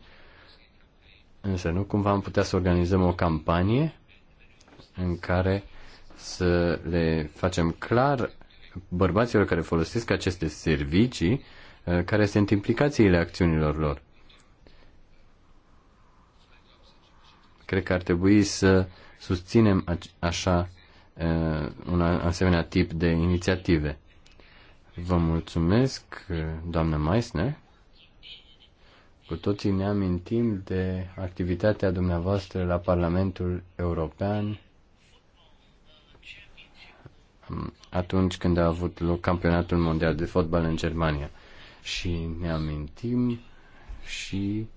Speaker 3: Însă nu cumva am putea să organizăm o campanie în care să le facem clar bărbaților care folosesc aceste servicii uh, care sunt implicațiile acțiunilor lor. Cred că ar trebui să susținem așa uh, un asemenea tip de inițiative. Vă mulțumesc, doamnă Meissner. Cu toții ne amintim de activitatea dumneavoastră la Parlamentul European atunci când a avut loc campionatul mondial de fotbal în Germania. Și ne amintim și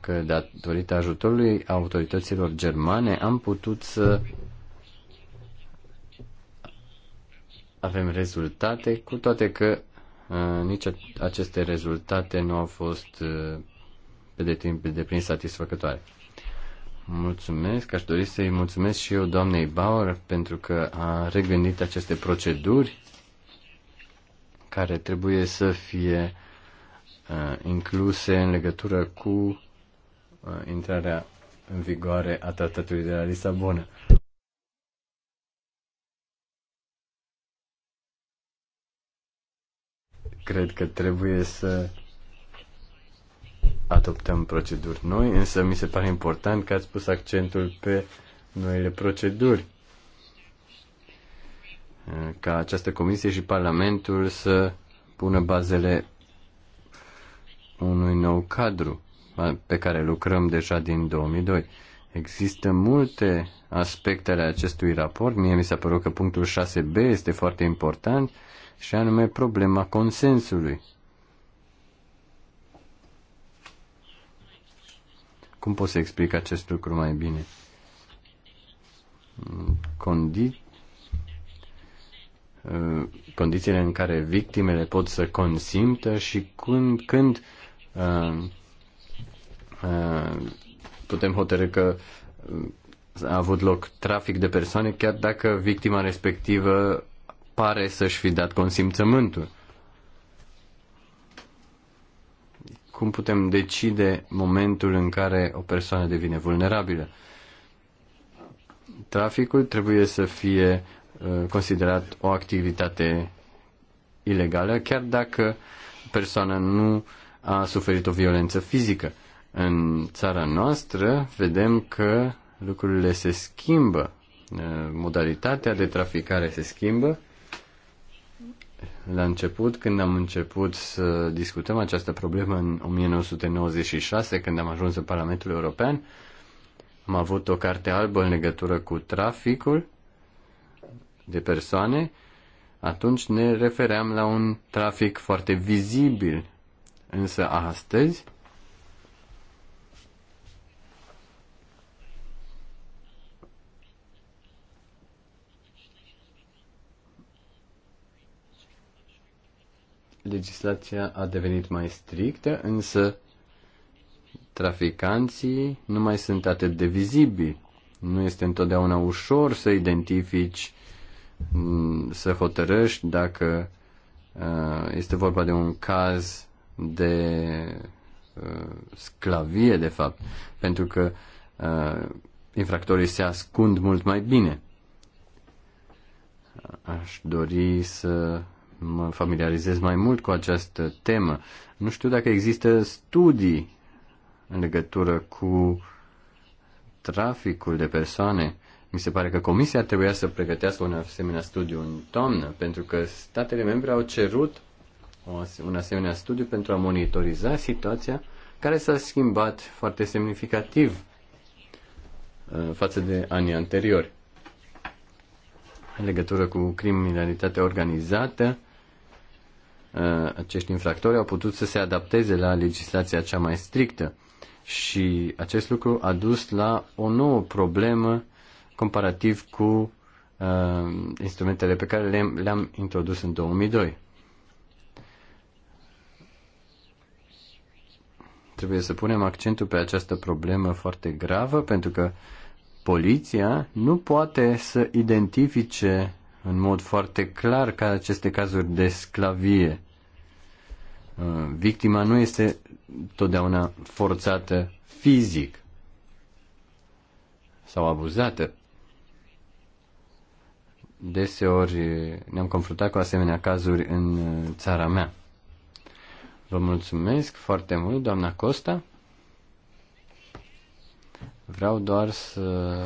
Speaker 3: că datorită ajutorului autorităților germane am putut să avem rezultate, cu toate că uh, nici aceste rezultate nu au fost uh, pe timp de deplin satisfăcătoare. Mulțumesc, aș dori să-i mulțumesc și eu doamnei Bauer pentru că a regândit aceste proceduri care trebuie să fie uh, incluse în legătură cu uh, intrarea în vigoare a tratatului de la Lisabona. Cred că trebuie să adoptăm proceduri noi, însă mi se pare important că ați pus accentul pe noile proceduri. Ca această comisie și Parlamentul să pună bazele unui nou cadru pe care lucrăm deja din 2002. Există multe aspecte ale acestui raport. Mie mi s-a părut că punctul 6b este foarte important și anume problema consensului. Cum pot să explic acest lucru mai bine? Condi... Condițiile în care victimele pot să consimtă și când, când uh, uh, putem hotărâ că uh, a avut loc trafic de persoane, chiar dacă victima respectivă pare să-și fi dat consimțământul. Cum putem decide momentul în care o persoană devine vulnerabilă? Traficul trebuie să fie uh, considerat o activitate ilegală, chiar dacă persoana nu a suferit o violență fizică. În țara noastră vedem că lucrurile se schimbă, uh, modalitatea de traficare se schimbă la început, când am început să discutăm această problemă în 1996, când am ajuns în Parlamentul European, am avut o carte albă în legătură cu traficul de persoane. Atunci ne refeream la un trafic foarte vizibil. Însă astăzi legislația a devenit mai strictă, însă traficanții nu mai sunt atât de vizibili. Nu este întotdeauna ușor să identifici, mm, să hotărăști dacă uh, este vorba de un caz de uh, sclavie, de fapt, pentru că uh, infractorii se ascund mult mai bine. Aș dori să mă familiarizez mai mult cu această temă. Nu știu dacă există studii în legătură cu traficul de persoane. Mi se pare că Comisia trebuia să pregătească un asemenea studiu în toamnă, pentru că statele membre au cerut un asemenea studiu pentru a monitoriza situația care s-a schimbat foarte semnificativ uh, față de anii anteriori. În legătură cu criminalitatea organizată, Uh, acești infractori au putut să se adapteze la legislația cea mai strictă și acest lucru a dus la o nouă problemă comparativ cu uh, instrumentele pe care le-am, le-am introdus în 2002. Trebuie să punem accentul pe această problemă foarte gravă pentru că poliția nu poate să identifice în mod foarte clar ca aceste cazuri de sclavie. Uh, victima nu este totdeauna forțată fizic sau abuzată. Deseori ne-am confruntat cu asemenea cazuri în uh, țara mea. Vă mulțumesc foarte mult, doamna Costa. Vreau doar să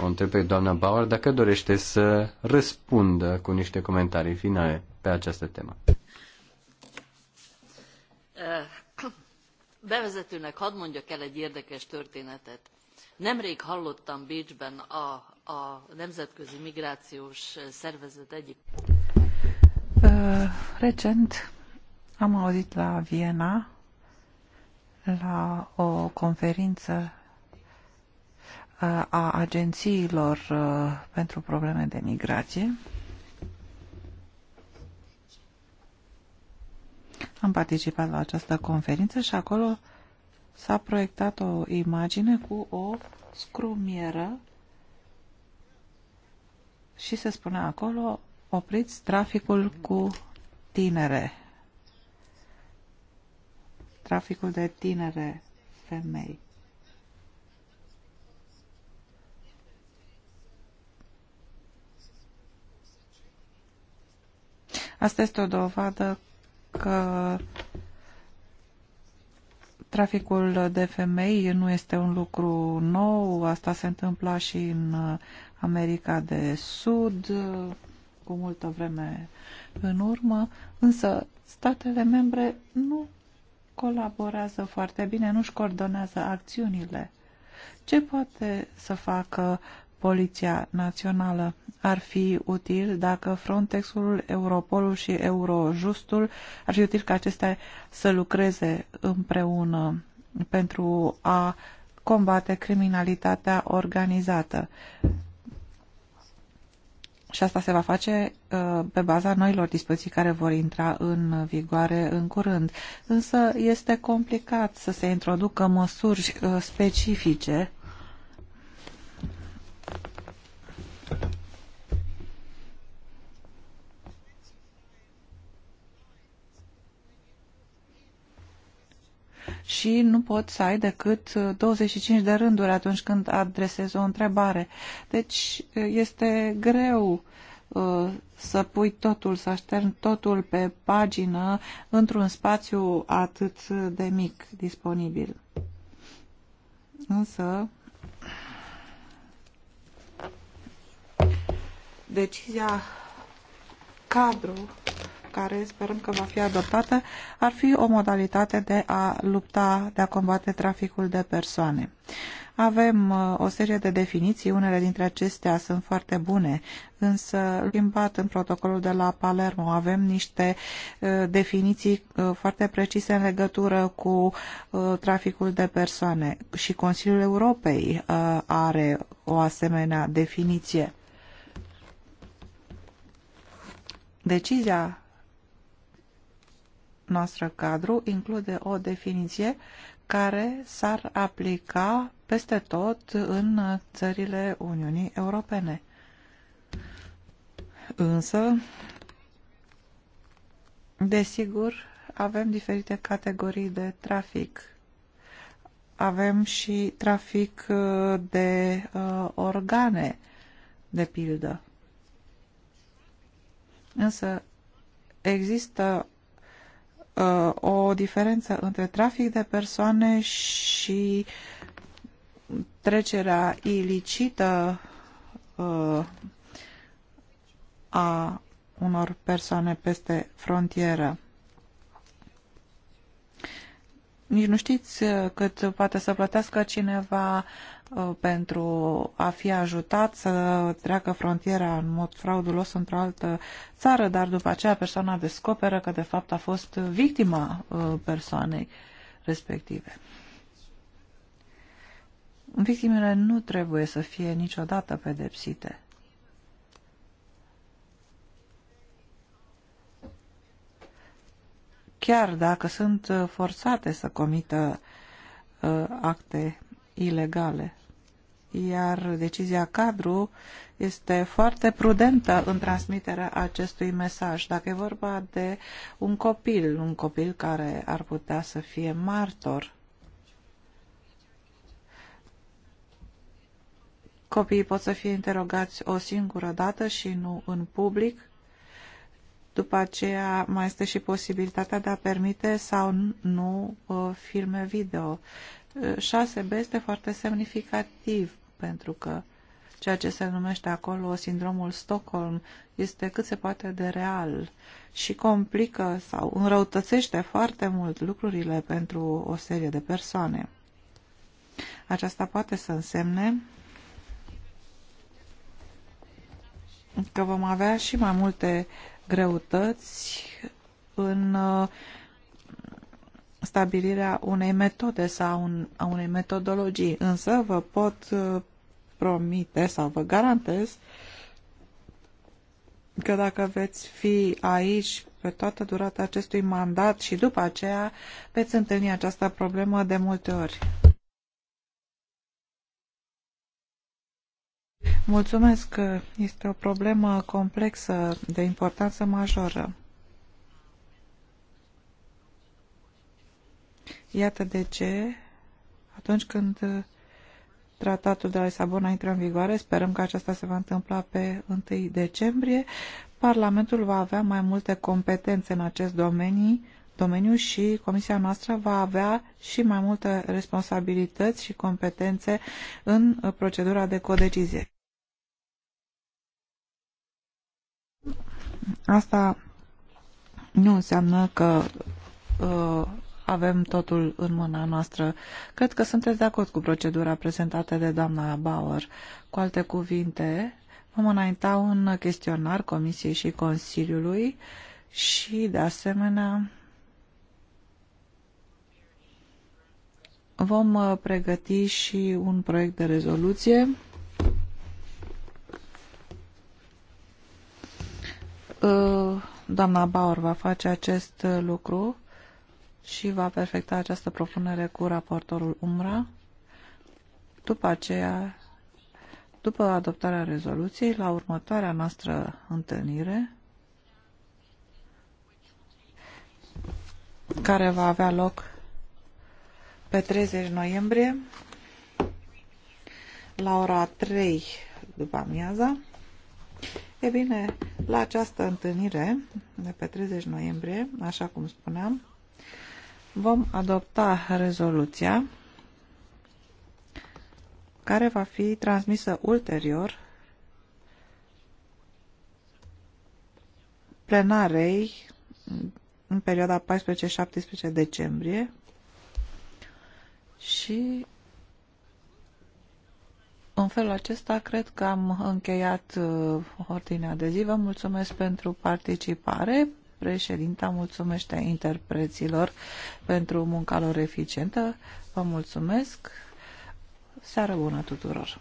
Speaker 3: o întreb pe doamna Bauer dacă dorește să răspundă cu niște comentarii finale pe această temă.
Speaker 1: Uh, bevezetőnek hadd mondjak el egy érdekes történetet. Nemrég hallottam Bécsben a, a Nemzetközi Migrációs
Speaker 2: Szervezet egyik...
Speaker 1: Uh, recent am auzit la Viena la o conferință a agențiilor uh, pentru probleme de migrație. Am participat la această conferință și acolo s-a proiectat o imagine cu o scrumieră și se spunea acolo opriți traficul cu tinere. Traficul de tinere femei. Asta este o dovadă că traficul de femei nu este un lucru nou, asta se întâmpla și în America de Sud cu multă vreme în urmă, însă statele membre nu colaborează foarte bine, nu-și coordonează acțiunile. Ce poate să facă Poliția Națională. Ar fi util dacă Frontexul, Europolul și Eurojustul ar fi util ca acestea să lucreze împreună pentru a combate criminalitatea organizată. Și asta se va face uh, pe baza noilor dispoziții care vor intra în vigoare în curând. Însă este complicat să se introducă măsuri uh, specifice și nu pot să ai decât 25 uh, de rânduri atunci când adresezi o întrebare. Deci uh, este greu uh, să pui totul, să aștern totul pe pagină într-un spațiu atât de mic disponibil. Însă, decizia cadru care sperăm că va fi adoptată ar fi o modalitate de a lupta, de a combate traficul de persoane. Avem uh, o serie de definiții, unele dintre acestea sunt foarte bune, însă schimbat în protocolul de la Palermo avem niște uh, definiții uh, foarte precise în legătură cu traficul de persoane și Consiliul Europei are o asemenea definiție. Decizia noastră cadru include o definiție care s-ar aplica peste tot în țările Uniunii Europene. Însă, desigur, avem diferite categorii de trafic. Avem și trafic uh, de uh, organe, de pildă. Însă, există Uh, o diferență între trafic de persoane și trecerea ilicită uh, a unor persoane peste frontieră. Nici nu știți uh, cât poate să plătească cineva Uh, pentru a fi ajutat să treacă frontiera în mod fraudulos într-o altă țară, dar după aceea persoana descoperă că de fapt a fost victima uh, persoanei respective. Victimele nu trebuie să fie niciodată pedepsite. Chiar dacă sunt uh, forțate să comită uh, acte ilegale. Iar decizia cadru este foarte prudentă în transmiterea acestui mesaj. Dacă e vorba de un copil, un copil care ar putea să fie martor, copiii pot să fie interogați o singură dată și nu în public, după aceea mai este și posibilitatea de a permite sau nu uh, filme video. 6B este foarte semnificativ pentru că ceea ce se numește acolo sindromul Stockholm este cât se poate de real și complică sau înrăutățește foarte mult lucrurile pentru o serie de persoane. Aceasta poate să însemne că vom avea și mai multe greutăți în uh, stabilirea unei metode sau un, a unei metodologii, însă vă pot uh, promite sau vă garantez că dacă veți fi aici pe toată durata acestui mandat și după aceea veți întâlni această problemă de multe ori. Mulțumesc că este o problemă complexă de importanță majoră. Iată de ce, atunci când uh, tratatul de la Lisabona intră în vigoare, sperăm că aceasta se va întâmpla pe 1 decembrie, Parlamentul va avea mai multe competențe în acest domeniu, domeniu și Comisia noastră va avea și mai multe responsabilități și competențe în uh, procedura de codecizie. Asta nu înseamnă că uh, avem totul în mâna noastră. Cred că sunteți de acord cu procedura prezentată de doamna Bauer. Cu alte cuvinte, vom înainta un chestionar Comisiei și Consiliului și, de asemenea, vom uh, pregăti și un proiect de rezoluție uh, doamna Bauer va face acest uh, lucru și va perfecta această propunere cu raportorul UMRA. După aceea, după adoptarea rezoluției, la următoarea noastră întâlnire, care va avea loc pe 30 noiembrie, la ora 3 după amiaza. E bine, la această întâlnire de pe 30 noiembrie, așa cum spuneam, vom adopta rezoluția care va fi transmisă ulterior plenarei în perioada 14-17 decembrie și în felul acesta cred că am încheiat uh, ordinea de zi. Vă mulțumesc pentru participare. Președinta mulțumește interpreților pentru munca lor eficientă. Vă mulțumesc. Seară bună tuturor!